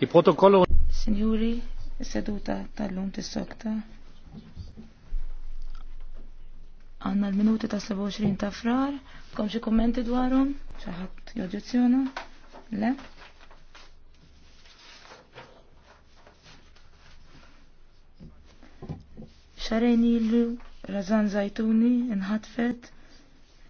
Die Protokolle Signori, seduta tal-lum tis-sokta. Għanna l-minuti ta' 27 ta' frar, kom xie kommenti dwarum? xaħat joġezzjona, le? Xarajni l razan zajtuni, nħatfet.